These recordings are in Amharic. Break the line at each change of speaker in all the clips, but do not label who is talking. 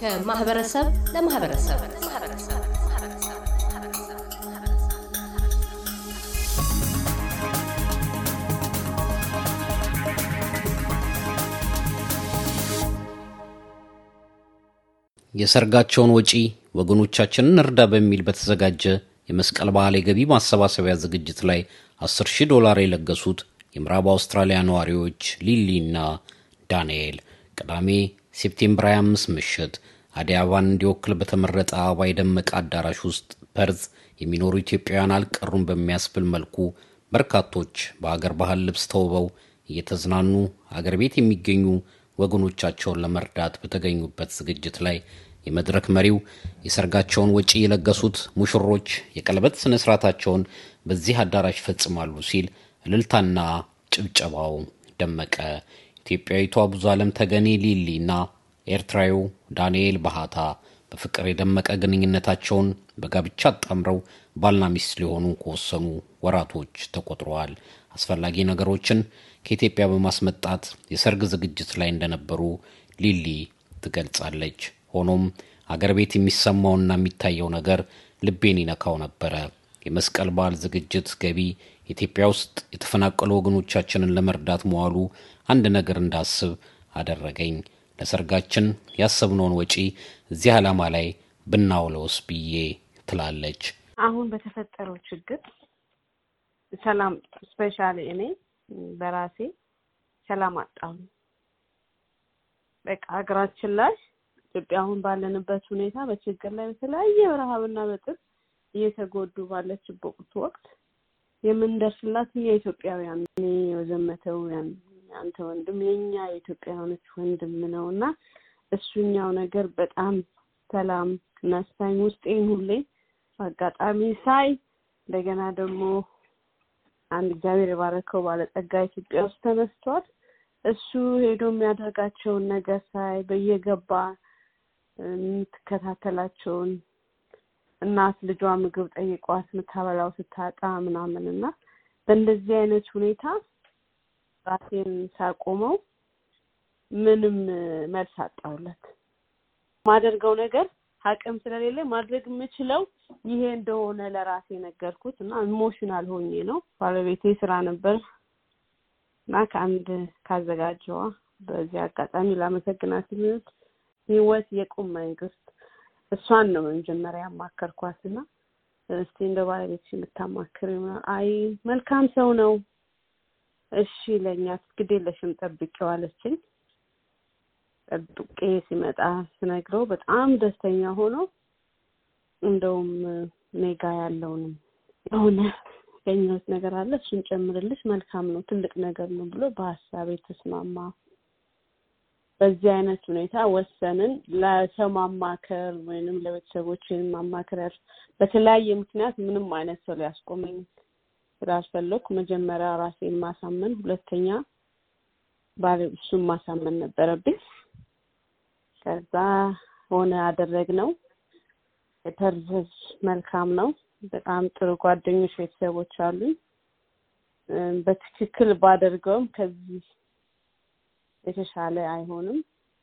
ከማህበረሰብ ለማህበረሰብ የሰርጋቸውን ወጪ ወገኖቻችንን እርዳ በሚል በተዘጋጀ የመስቀል በዓል የገቢ ማሰባሰቢያ ዝግጅት ላይ 10 ሺህ ዶላር የለገሱት የምዕራብ አውስትራሊያ ነዋሪዎች ሊሊ እና ዳንኤል ቅዳሜ ሴፕቴምበር 25 ምሽት አዲስ አበባን እንዲወክል በተመረጠ አበባ የደመቀ አዳራሽ ውስጥ ፐርዝ የሚኖሩ ኢትዮጵያውያን አልቀሩም በሚያስብል መልኩ በርካቶች በአገር ባህል ልብስ ተውበው እየተዝናኑ አገር ቤት የሚገኙ ወገኖቻቸውን ለመርዳት በተገኙበት ዝግጅት ላይ የመድረክ መሪው የሰርጋቸውን ወጪ የለገሱት ሙሽሮች የቀለበት ስነ ስርዓታቸውን በዚህ አዳራሽ ይፈጽማሉ ሲል እልልታና ጭብጨባው ደመቀ። ኢትዮጵያዊቷ ብዙ ዓለም ተገኔ ሊሊ እና ኤርትራዊው ዳንኤል ባሃታ በፍቅር የደመቀ ግንኙነታቸውን በጋብቻ አጣምረው ባልና ሚስት ሊሆኑ ከወሰኑ ወራቶች ተቆጥረዋል። አስፈላጊ ነገሮችን ከኢትዮጵያ በማስመጣት የሰርግ ዝግጅት ላይ እንደነበሩ ሊሊ ትገልጻለች። ሆኖም አገር ቤት የሚሰማውና የሚታየው ነገር ልቤን ይነካው ነበረ። የመስቀል በዓል ዝግጅት ገቢ ኢትዮጵያ ውስጥ የተፈናቀሉ ወገኖቻችንን ለመርዳት መዋሉ አንድ ነገር እንዳስብ አደረገኝ። ለሰርጋችን ያሰብነውን ወጪ እዚህ ዓላማ ላይ ብናውለውስ ብዬ ትላለች።
አሁን በተፈጠረው ችግር ሰላም ስፔሻል እኔ በራሴ ሰላም አጣሁ። በቃ ሀገራችን ላይ ኢትዮጵያ አሁን ባለንበት ሁኔታ በችግር ላይ በተለያየ በረሃብና በጥር እየተጎዱ ባለችበት ወቅት የምንደርስላት እኛ ኢትዮጵያውያን እኔ የዘመተውያን አንተ ወንድም የኛ የኢትዮጵያውያኖች ወንድም ነው እና እሱኛው ነገር በጣም ሰላም ናስታኝ ውስጤን ሁሌ አጋጣሚ ሳይ እንደገና ደግሞ አንድ እግዚአብሔር የባረከው ባለጸጋ ኢትዮጵያ ውስጥ ተነስቷል። እሱ ሄዶ የሚያደርጋቸውን ነገር ሳይ በየገባ የምትከታተላቸውን እናት ልጇ ምግብ ጠይቋት የምታበላው ስታጣ ምናምን እና በእንደዚህ አይነት ሁኔታ ራሴን ሳቆመው ምንም መልስ አጣውለት ማደርገው ነገር አቅም ስለሌለ ማድረግ የምችለው ይሄ እንደሆነ ለራሴ ነገርኩት እና ኢሞሽናል ሆኜ ነው። ባለቤቴ ስራ ነበር እና ከአንድ ካዘጋጀዋ በዚህ አጋጣሚ ላመሰግናት ህይወት የቁም መንግስት እሷን ነው መጀመሪያ ያማከርኳት እና እስቲ እንደ ባለቤት የምታማክር ይሆናል። አይ መልካም ሰው ነው፣ እሺ ለኛ ግድ ለሽም ጠብቂው አለችኝ። ጠብቄ ሲመጣ ስነግረው በጣም ደስተኛ ሆኖ እንደውም ኔጋ ያለውንም የሆነ ያገኘሁት ነገር አለ እሱን ጨምርልሽ መልካም ነው ትልቅ ነገር ነው ብሎ በሀሳቤ ተስማማ። በዚህ አይነት ሁኔታ ወሰንን። ለሰው ማማከር ወይንም ለቤተሰቦች ማማከር በተለያየ ምክንያት ምንም አይነት ሰው ሊያስቆመኝ ስላልፈለኩ መጀመሪያ ራሴን ማሳመን፣ ሁለተኛ ባለ እሱን ማሳመን ነበረብኝ። ከዛ ሆነ ነው የተርዘዝ መልካም ነው። በጣም ጥሩ ጓደኞች፣ ቤተሰቦች አሉኝ። በትክክል ባደርገውም ከዚህ የተሻለ አይሆንም።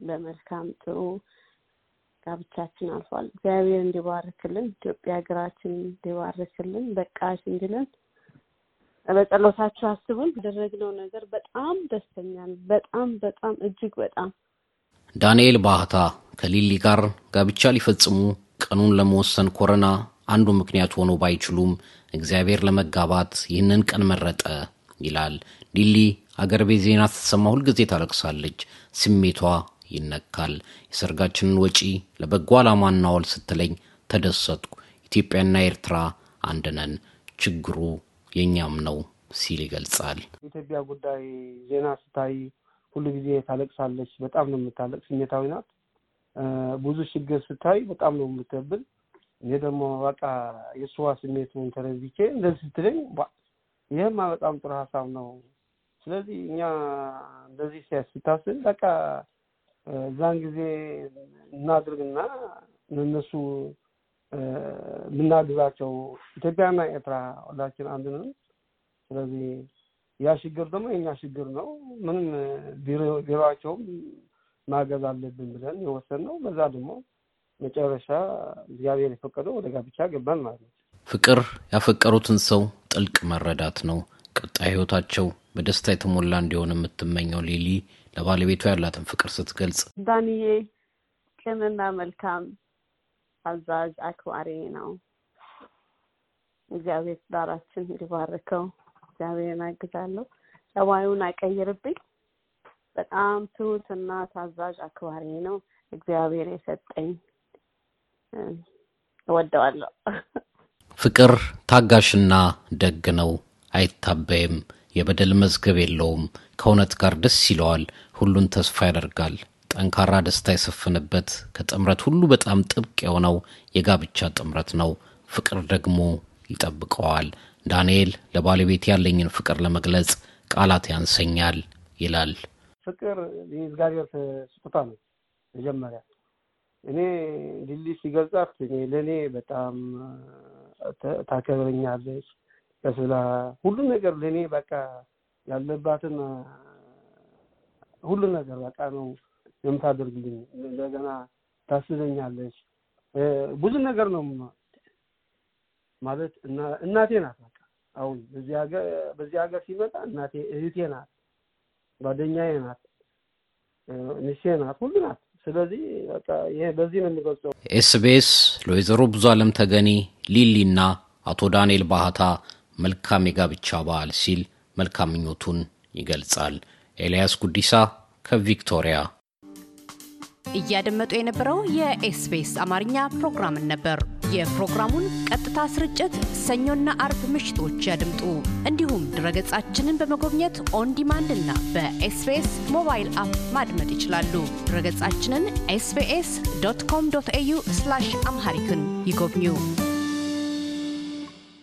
በመልካም ጥሩ ጋብቻችን አልፏል። እግዚአብሔር እንዲባርክልን፣ ኢትዮጵያ ሀገራችን እንዲባርክልን፣ በቃሽ እንድለን በጸሎታችሁ አስቡን። ያደረግነው ነገር በጣም ደስተኛ ነው። በጣም በጣም እጅግ በጣም
ዳንኤል ባህታ ከሊሊ ጋር ጋብቻ ሊፈጽሙ ቀኑን ለመወሰን ኮረና አንዱ ምክንያት ሆኖ ባይችሉም እግዚአብሔር ለመጋባት ይህንን ቀን መረጠ ይላል። ሊሊ አገር ቤት ዜና ስትሰማ ሁልጊዜ ታለቅሳለች። ስሜቷ ይነካል። የሰርጋችንን ወጪ ለበጎ ዓላማ እናዋል ስትለኝ ተደሰትኩ። ኢትዮጵያና ኤርትራ አንድነን ችግሩ የእኛም ነው ሲል ይገልጻል። ኢትዮጵያ
ጉዳይ ዜና ስታይ ሁሉ ጊዜ ታለቅሳለች። በጣም ነው የምታለቅ፣ ስሜታዊ ናት። ብዙ ችግር ስታይ በጣም ነው የምትብል። ይህ ደግሞ በቃ የእሷ ስሜት ተረድቼ እንደዚህ ስትለኝ፣ ይህማ በጣም ጥሩ ሀሳብ ነው ስለዚህ እኛ እንደዚህ ሲታስብ በቃ እዛን ጊዜ እናድርግና ለእነሱ ብናግዛቸው ኢትዮጵያና ኤርትራ ሁላችን አንድ ነን። ስለዚህ ያ ችግር ደግሞ የኛ ችግር ነው። ምንም ቢሮቸውም ማገዝ አለብን ብለን የወሰን ነው። በዛ ደግሞ መጨረሻ እግዚአብሔር የፈቀደው ወደ ጋብቻ ገባን ማለት ነው።
ፍቅር ያፈቀሩትን ሰው ጥልቅ መረዳት ነው። ቀጣይ ህይወታቸው በደስታ የተሞላ እንዲሆን የምትመኘው ሊሊ ለባለቤቷ ያላትን ፍቅር ስትገልጽ፣
ዳንዬ ቅንና መልካም አዛዥ፣ አክባሪ ነው። እግዚአብሔር ትዳራችን እንዲባርከው እግዚአብሔርን አግዛለሁ። ጸባዩን አይቀይርብኝ። በጣም ትሁትና ታዛዥ አክባሪ ነው። እግዚአብሔር የሰጠኝ እወደዋለሁ።
ፍቅር ታጋሽና ደግ ነው፣ አይታበይም። የበደል መዝገብ የለውም። ከእውነት ጋር ደስ ይለዋል። ሁሉን ተስፋ ያደርጋል። ጠንካራ ደስታ የሰፈነበት ከጥምረት ሁሉ በጣም ጥብቅ የሆነው የጋብቻ ጥምረት ነው። ፍቅር ደግሞ ይጠብቀዋል። ዳንኤል ለባለቤት ያለኝን ፍቅር ለመግለጽ ቃላት ያንሰኛል ይላል።
ፍቅር የእግዚአብሔር ስጦታ ነው። መጀመሪያ እኔ ሊሊ ሲገልጻት ለእኔ በጣም ታከብረኛለች ስለ ሁሉም ነገር ለእኔ በቃ ያለባትን ሁሉ ነገር በቃ ነው የምታደርግልኝ። እንደገና ታስዘኛለች ብዙ ነገር ነው ማለት እናቴ ናት። በቃ አሁን በዚህ ሀገር ሲመጣ እናቴ እህቴ ናት፣ ጓደኛዬ ናት፣ ንሴ ናት፣ ሁሉ ናት። ስለዚህ በቃ ይሄ በዚህ ነው የሚገልጸው።
ኤስቢኤስ ለወይዘሮ ብዙ አለም ተገኒ ሊሊና አቶ ዳንኤል ባህታ መልካም የጋብቻ በዓል ሲል መልካም ምኞቱን ይገልጻል። ኤልያስ ጉዲሳ ከቪክቶሪያ። እያደመጡ የነበረው የኤስቢኤስ አማርኛ ፕሮግራምን ነበር። የፕሮግራሙን ቀጥታ ስርጭት ሰኞና አርብ ምሽቶች ያድምጡ። እንዲሁም ድረገጻችንን በመጎብኘት ኦንዲማንድ እና በኤስቢኤስ ሞባይል አፕ ማድመጥ ይችላሉ። ድረገጻችንን ኤስቢኤስ ዶት ኮም ዶት ኤዩ አምሃሪክን ይጎብኙ።